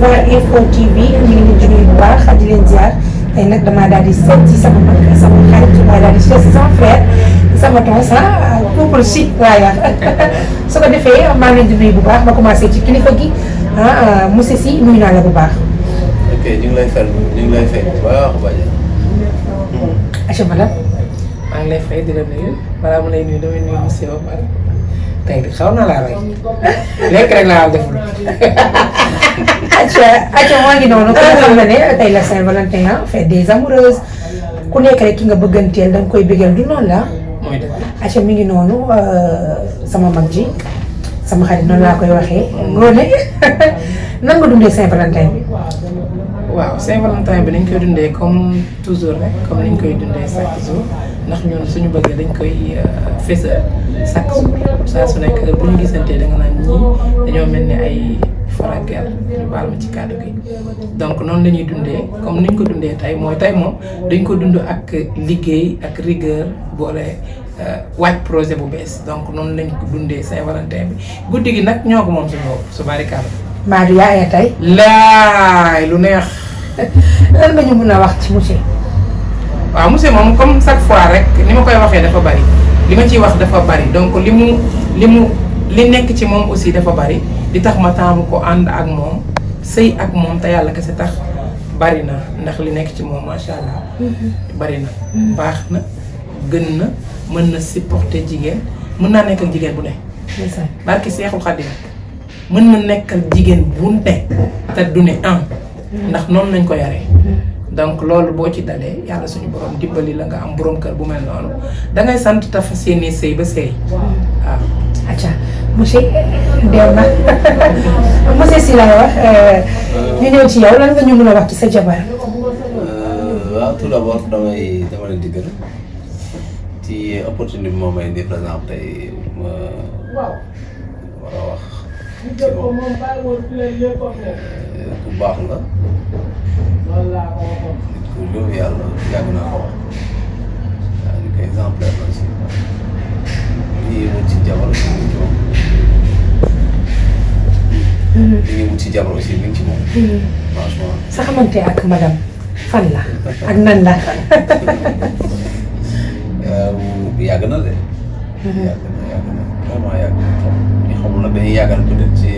waa Info TV ñu ngi leen di nuyu bu baax di leen ziar nag damaa daal di seet ci sama mag sama sa damaa daal di seet si sama frère sama tonsa couple chic waaye su ko defee maa ngi di nuyu bu baax ma commencé ci kilifa gi ah, ah monsieur Sy la bu tey de xaw naa laa rey lekk rek laa def. acca acca maa ngi noonu. kon xam nga ne tey la Saint-Valentin ah fête des ku nekk rek ki nga bëgganteel da koy bëggal du noonu la. mooy dëgg ngi noonu sama mag ji sama xarit noonu laa koy waxee. ngoone nan nga dundee Saint-Valentin bi. waaw Saint-Valentin bi dañ koy dundee comme toujours rek comme ni ñu koy dundee chaque jour ndax ñun suñu bëggee dañ koy euh, fésal chaque jour su nekk bu ñu gisantee da naan ñii dañoo mel ni ay fragile ñu baal ma ci kàddu gi. donc noonu la ñuy dundee comme ni ñu ko dundee tey mooy tey moom dañ ko dund ak liggéey ak rigueur boole euh, waaj projet bu bees donc noonu lañ ko dundee Saint-Valentin bi guddi gi nag ñoo ko moom su bari kàddu maa du yaayee tey. laay lu neex. lan nga ñu mën a wax ci monsieur. waaw monsieur moom comme chaque fois rek ni ma koy waxee dafa bari li ma ciy wax dafa bari donc li mu li mu li nekk ci moom aussi dafa bari li tax ma taamu ko ànd ak moom sëy ak moom yàlla kese tax bari na ndax li nekk ci moom macha allah. Mm-hmm. bari na. Mm-hmm. baax na gën na mën na supporter jigéen mun naa nekk ak jigéen bu ne. barki Seexul Xadiim mën na nekkal jigéen bu ne te du ne am ndax noonu lañ ko yaree donc loolu boo ci dalee yàlla suñu borom dimbali la nga am boroom kër bu mel noonu dangay sant te fas yéene sëy ba sëy waaw acca monsieur deew na monsieur si lay wax euh, ñu ñëw ci yow lan nga ñu mën a wax ci sa jabar euh, tout d'abord damay dama leen di gërëm ci may indi par tey ma a wax ci moom ku baax la. loolu laa ko waxoon. nit ku gëm yàlla yàgg naa ko wax. waaw nit ku exemplaire la aussi. lii wut ci jabar aussi mi ngi ci moom. lii wut ci jabar aussi mi ngi ci moom. franchement. sa xamante ak madame fan la ak nan la. yàgg na de. Mm-hmm. yàgg na. yàgg na vraiment yàgg na trop ñu xamul nag dañuy yàggal peut-être ci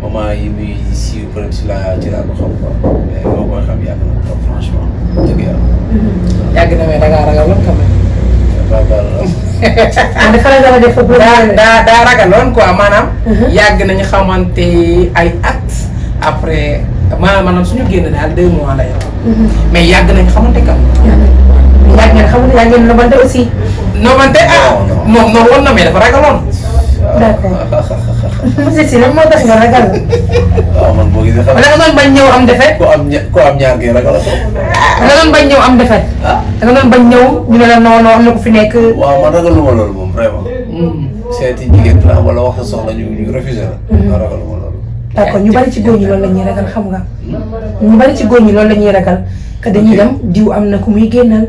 moment yi muy siiw peut-être ci laa ci laa ko xam quoi mais boo koy xam yàgg na trop franchement dëgg yàlla. yàgg na mais da ngaa ragaloon quand même. ah dafa la dara def daa daa daa ragaloon quoi maanaam. Uh-huh. yàgg nañu xamante ay at après maanaam maanaam suñu génn daal deux mois la yor. Uh-huh. mais yàgg nañu xamante kam. yàgg nañu xamante yàgg nañu lobante aussi. noobante ah moom noonu woon na mais dafa ragaloon. d'accord monsieur Sy lan moo tax nga ragal. waaw man boo gisee xam nga da nga doon bañ ñëw am defet. ku am ña ku am ñaar ngay ragal ko. da nga doon bañ ñëw am defet. da ah? nga doon bañ ñëw ñu ne la non non am na ku fi nekk. waaw man ragaluma loolu moom vraiment. Mm. seeti jigéen la wala wax sa soxla ñu ñu refusé la. Mm. ma ragaluma loolu. d'accord ñu bari ci góor ñi loolu la ñuy ragal xam nga. Hmm? ñu bari ci góor ñi loolu la ñuy ragal. que dañuy dem diw am na ku muy génnal.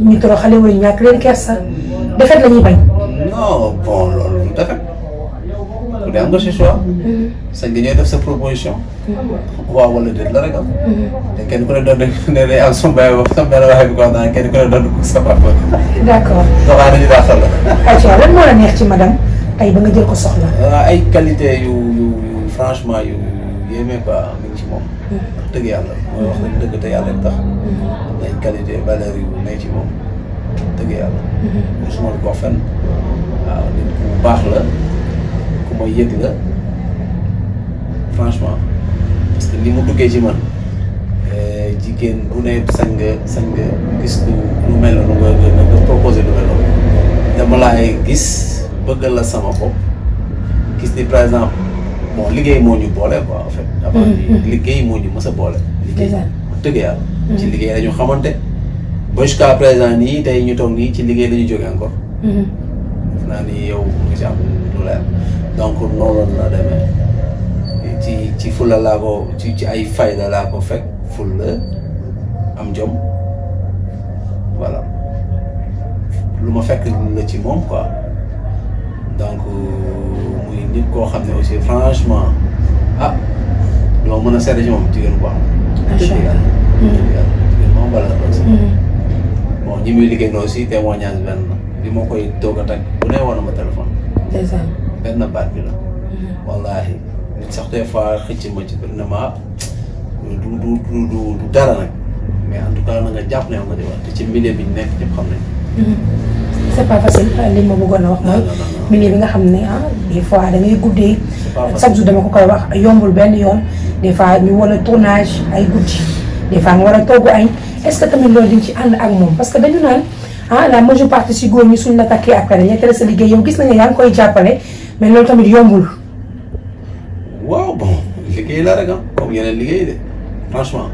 ñu toroxale wala ñàkk leen kersa defet la ñuy bañ. non bon loolu defet ku ne am nga ce choix. Mm-hmm. sañ nga ñooy def sa proposition. waaw mm-hmm. wala déet la rek am. Mm-hmm. te kenn ku ne doon ne day am suñu bàyyi wax sama benn waxee bi ko ko sa papa. d' accord doxaa dañu daa soxla. ayca lan moo neex ci madame tey ba nga jël ko soxla. Euh, ay qualité yu yu franchement yu yéeme quoi mi ci moom. wax dëgg yàlla. mooy wax dëgg te yàlla tax am na ay qualité valeur yu ne ci yàlla mm-hmm. mosuma di ko waaw nit ku baax la ku ma yëg la franchement parce que li mu duggee ci man eh, jigéen bu ne sañ nga sañ nga gis lu lu mel noonu nga nga nga proposé lu mel noonu dama laay gis bëggal la sama bopp gis ni par exemple bon liggéey moo ñu boole quoi en fait. avant mm-hmm. liggéey moo ñu mës boole. liggéey dëgg yàlla mm. ci liggéey la xamante ba jusqu'à présent nii tey ñu toog nii ci liggéey la ñu jóge encore mm-hmm. def naa ni yow nga ci am lu leer la ci ci laa ko ci ci ay fayda laa ko fekk fulla am jom voilà lu ma fekk la ci moom quoi donc muy nit koo xam ne aussi franchement ah ñoo mën a seede ci moom jigéen bu baax dëgg la dëgg la dëgg moom bala bon ñi muy liggéey noonu aussi témoignage benn bi ma koy doog a tag bu ne woon ma téléphone. ndeysaan benn baat bi la. wallaahi nit sax des fois xëcc ma ci vraiment du du du du dara nag mais en tout cas na nga jàpp ne am nga di wax te ci milieu bi ñu nekk ñëpp xam nañ. c' est pas facile li ma bëggoon a wax mooy milieu bi nga xam ne ah des fois da ngay guddee chaque jour dama ko koy wax yombul benn yoon. des fois ñu wala ay guddi des fois nga war a togg añ est-ce que tamit loolu di ci ànd ak moom parce que dañu naan ah la majeure partie si góor ñi suñ la takkee après dañuy tere sa liggéey yow gis nañu yaa ngi koy mais loolu tamit yombul. waaw bon liggéey la rek ah comme yeneen liggéey de franchement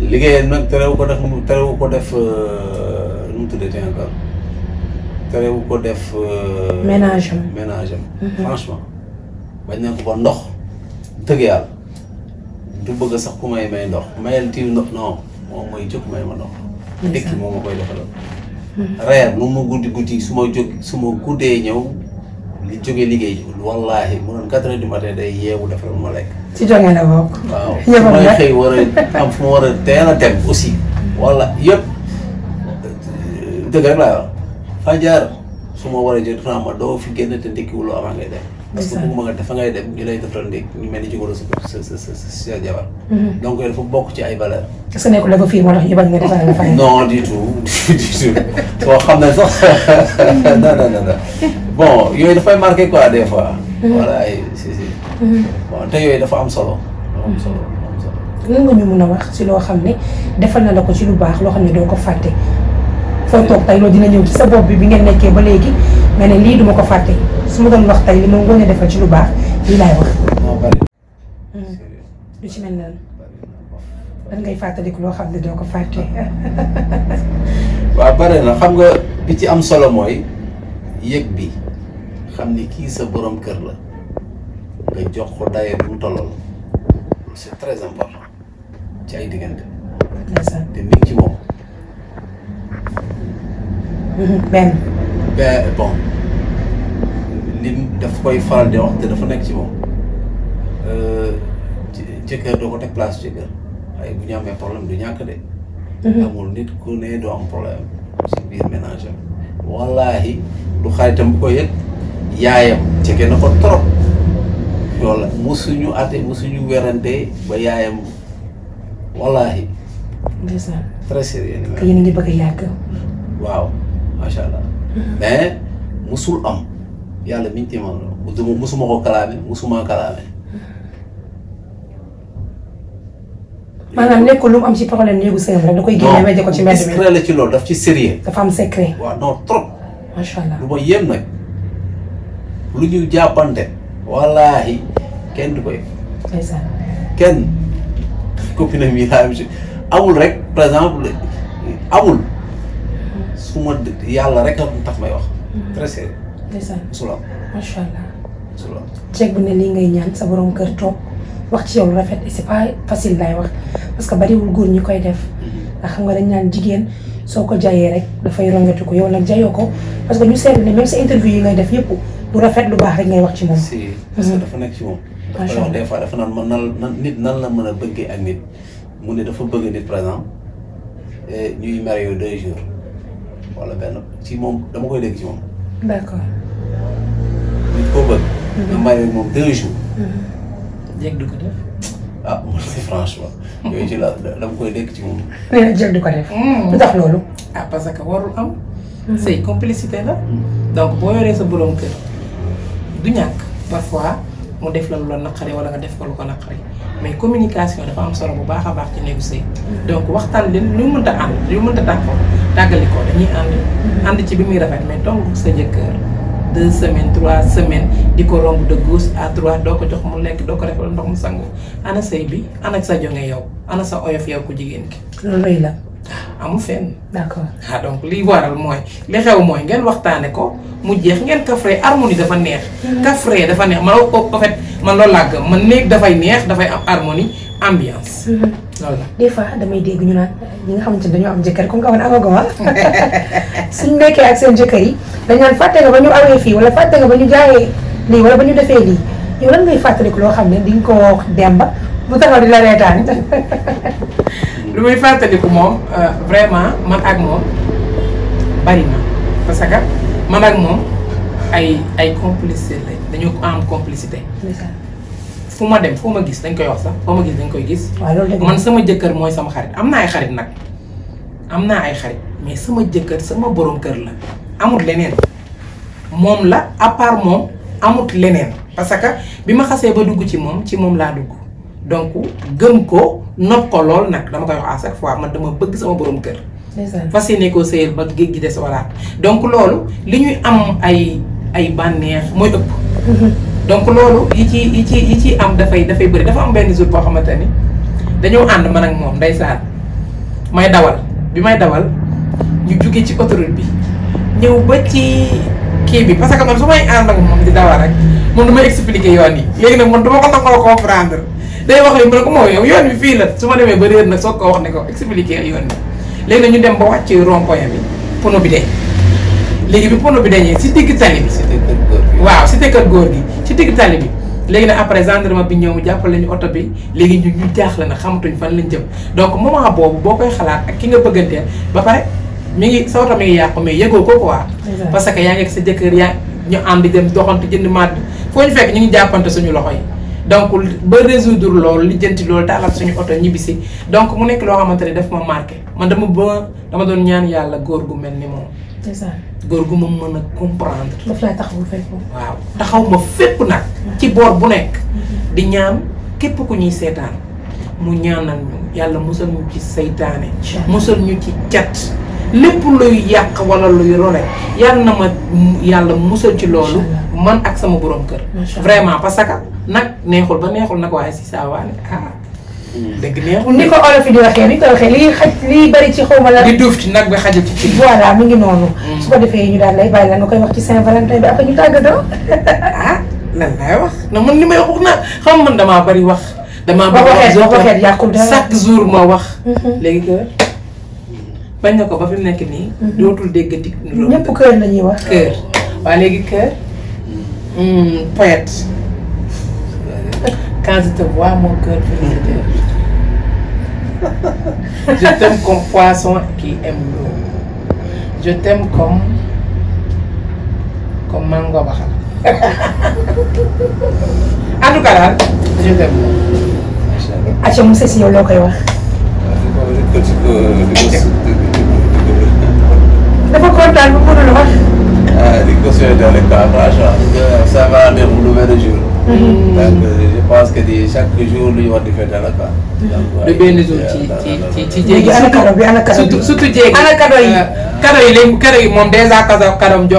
liggéey nag terewu ko def terewu ko def euh, nu mu tuddati encore ko def. Euh, ménage mm-hmm. franchement bañ na ko ba ndox dëgg yàlla. du bëgg sax ku may may ndox mayal tiw ndox non moom mooy jóg may ma ndox ndékki moom ma koy defaloon hmm. reer lu ma guddi guddi su ma jóg su ma guddee ñëw li jóge liggéey wallaahi mu doon quatre heures du matin day yeewu defal ma lekk ci jóge na bokk war a am ma war a teel a dem aussi wala yëpp dëgg laa fajar su ma war a jot ma doo fi génn te ndékkiwuloo avant ngay dem parce que bëgguma nga dafa ngay dem ñu lay defal ndéeg ñu mel ni jigóoro sa sa sa mm-hmm. bokk ci ay valeur est-ce que nekkul dafa fii moo tax ñu bañ soo xam ne sax mm-hmm. non bon yooyu dafay marqué quoi des fois mm-hmm. voilà si te yooyu dafa am solo am solo am solo lan nga ñu mën a wax si loo xam ne defal na la ko ci lu baax loo xam ne doo ko fàtte foo toog tey loolu dina ñëw ci sa bopp bi bi ngeen nekkee ba léegi mais ne lii duma ko fàtte su ma doon wax tey li ma ngoone defal ci lu baax lii laay wax. Hmm. lu ci mel lan lan ngay fàttaliku loo xam ne doo ko fàtte. waaw bare na xam nga bi ci am solo mooy yëg bi xam ni kii sa borom kër la nga jox ko bu mu tollool c'est très ci ay diggante. te mi ci moom. benn. bon li daf koy faral di wax dafa nekk ci moom euh, jëkkër doo ko teg place jëkkër waaye bu ñu amee problème du ñàkk de. Mhm. amul nit ku ne doo problème ci biir ménage am wallaahi du xaritam bu ko yëg yaayam jege na ko trop yow la musuñu ate musuñu werante ba yaayam wallaahi. très sérieux. yéen a ngi bëgg a yàgg. waaw. macha allah mais musul am yàlla mi ñu tiimal la ko kalaame musuma kalaame. maanaam nekkul lu mu am ci problème néegu sëyam rek da koy génne wéje ko ci mbedd mi discret la ci loolu daf ci sérieux. dafa am secret. waaw non trop. macha allah lu ma yem nag lu ñu jàppante. wallaahi kenn du koy. ndeysaan kenn copine am yi amul rek par exemple amul. su ma yàlla rek tax may wax. Mhm. très sérieux. ndeysaan sulaw. macha allah. sulaw ceeb bu ne lii ngay ñaan sa borom kër toog wax ci yow lu rafet et c'est pas facile day wax parce que bariwul góor ñi koy def. Mhm. ndax xam nga dañ ñaan jigéen soo ko jaayee rek dafay rongatu ko yow nag jayoo ko parce que ñu seetlu ne même sa interview yi ngay def yëpp du rafet lu baax rek ngay wax ci moom. si parce mhm. dafa nekk ci moom. macha allah dafa des fois dafa naan man nan nit nan la mën a bëggee ak nit mu ne dafa bëgg nit par exemple eh, ñuy marié deux jours. wala benn ci moom dama koy dégg ci moom. d'accord. nit koo bëgg. Mhm. nga mbay moom deux jours. Mhm. jéeg ko def. ah man c'est franchement. yooyu ci la dama koy dégg ci moom. nee na jéeg du ko def. Hmm. lu tax loolu. ah parce que warul am. Mhm. sëy complicité la. Hmm. donc boo yoree sa borom kër du ñàkk parfois mu def la lu la naqari wala nga def ko lu ko naqari. mais communication dafa am solo bu baax a baax ci néegu sëy donc waxtaan leen lu mënta ànd lu mënta tàggoo tàggali ko dañuy ànd. ànd ci bi muy rafet mais tong sa jëkkër deux semaine trois semaine di ko romb de gauche à droite doo ko jox mu nekk doo ko defal ndox mu sangu ana sëy bi ana sa jonge yow ana sa oyof yow ku jigéen ki. loolu la. amu fenn. d'accord ah donc liy waral mooy li xew mooy ngeen waxtaane ko mu jeex ngeen kafre harmonie dafa neex. Mm. kafre dafa neex man en fait man loolu laa man néeg dafay neex dafay am harmonie ambiance. Mm-hmm. loolu la des fois damay dégg ñu naan ñu nga xam ne dañoo am jëkkër comme que woon amagu ma suñu nekkee ak seen jëkkër yi dañu naan fàtte nga ba ñu awee fii wala fàtte nga ba ñu jaayee lii wala ba ñu defee lii yow lan ngay fàttaliku loo xam ne di nga ko demba bu taxaw di la reetaan. lu muy fàttaliku moom euh, vraiment man ak moom bari na parce que man ak moom ay ay complicité la dañu am complicité. fu ma dem foo ma gis dañ koy wax sax foo ma gis dañ koy gis. man sama jëkkër mooy sama xarit am naa ay xarit nag am naa ay xarit mais sama jëkkër sama borom kër la amut leneen moom la à part moom amut leneen parce que bi ma xasee ba dugg ci moom ci moom laa dugg donc gëm ko. nopp ko lool nag dama koy wax à chaque fois man dama bëgg sama borom kër. fas yéene koo sëyal ba géej gi des walaat donc loolu li ñuy am ay ay bànneex mooy ëpp. donc loolu yi ci yi ci yi ci am dafay dafay bëri dafa am benn jour boo xamante ni dañoo ànd man ak moom ndeysaan may dawal bi may dawal ñu jugee ci autoroute bi ñëw ba ci kii bi parce que man su may ànd ak moom di dawal rek moom du may yoon yi léegi nag man du ma ko nangoo comprendre. day wax li mu ne ko mooy yow yoon bi fii la su ma demee ba réer nag soo ko wax ne ko expliquer yoon bi léegi nag ñu dem ba wàcc rond-point bi pono bi deñ léegi bi pono bi dañee si digg tali bi waaw si góor gi si digg tali bi léegi nag après gendarme bi ñëw jàppale ñu oto bi léegi ñu ñu jaaxle na xamatuñ fan lañ jëm donc moment boobu boo koy xalaat ak ki nga bëgganteel ba pare mi ngi sa oto mi ngi yàqu mais ko quoi parce que yaa ngi ak sa jëkkër yaa ñu ànd dem doxantu jënd màdd foo ñu fekk ñu ngi jàppante suñu loxo yi donc ba résoudre loolu lijjanti loolu taalal suñu oto ñibbisi donc mu nekk loo xamante ne daf ma marqué man dama ba dama doon ñaan yàlla góor gu mel ni moom. góor gu ma mën a comprendre. daf lay taxawu fépp. waaw taxaw ma fépp nag. ci boor bu nekk. Mm-hmm. di ñaan képp ku ñuy seetaan mu ñaanal ñu yàlla musal ñu ci seytaane. musal ci cat. lépp luy yàq wala luy rone yàlla na ma yàlla musal ci loolu. man ak sama borom kër. vraiment parce nag neexul ba neexul nag waaye si saa waane ah. Mm. dëgg neexul ni ko olof yi di waxee ni ko waxee lii xaj lii bari ci xaw ma la. di duuf ci nag bi xajo ci kii. voilà mi ngi noonu. Mm. su ko defee ñu daal lay bàyyi la koy wax ci Saint-Valentin bi après ñu tàggatoo. ah lan laay wax na man li may wax na xam man damaa bari wax. damaa ba bari wax boo waxee yàqul dara chaque jour ma wax. Mm-hmm. léegi kër bañ na ko ba fi nekk nii. Mm-hmm. dootul déggati. ñëpp kër la ñuy wax kër. waa léegi kër. Mm. poète. positive, voir mon cœur félicitaire. Je t'aime comme poisson qui aime l'eau. Je t'aime comme. comme mango baxal. en tout cas daal je t'aime. macha allah si yow loo koy wax. dafa kontaan bu mu mënul wax. ah di ko souhaiter le courage ça va dérouler le jour. Mm-hmm. donc euh, je pense que di chaque lu ñu war du benn jour ci ci ci ci jéegi. surtout surtout jéegi. ana kado yi kado euh, yi yi moom dèjà kado kadoom jo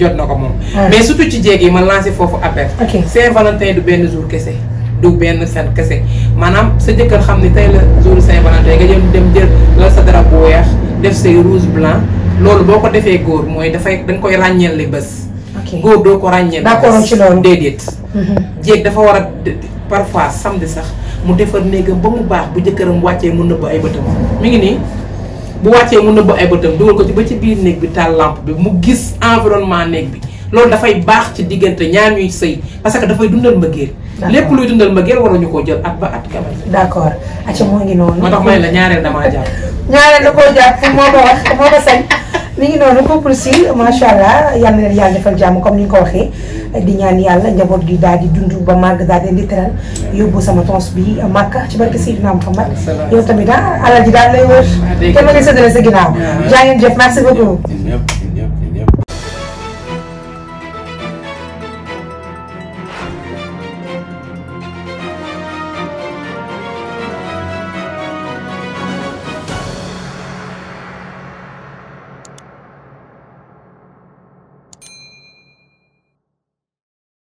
jot na ko moom. mais surtout ci jéegi ma lancé foofu appel. ok Saint-Valentin du benn jour kese. du benn seen kese maanaam sa jëkkër xam ni tey la jour Saint-Valentin nga jël dem jël la sa dara bu weex def say rouge blanc loolu boo ko defee góor mooy dafay da nga koy ràññeel li bés. góor doo ko ràññeel. d'accord ci loolu déedéet. jéeg dafa war a parfois samedi sax mu defar néegam ba mu baax bu jëkkëram wàccee mu nëbb ay bëtam mu ngi nii bu wàccee mu nëbb ay bëtam dugal ko ci ba ci biir néeg bi taal lampe bi mu gis environnement néeg bi loolu dafay baax ci diggante ñaar ñuy sëy parce que dafay dundal ma mbëggeel lépp luy dundal ma mbëggeel ñu koo jël at ba at kamal d'accord acca moo ngi noonu moo tax may la ñaareel damaa jàpp ñaareel da koo jàpp moo ko wax moo ko sañ mi ngi noonu jàmm comme ni ñu ko waxee di ñaan yàlla njaboot gi daal di dund ba màgg daal di teral yóbbu sama tons bi màkk ci barke Seydina Muhammad yow tamit a ah, alal ji daal lay wër te ah, ma ngi séddale sa ginnaaw jaa ngeen jëf merci beaucoup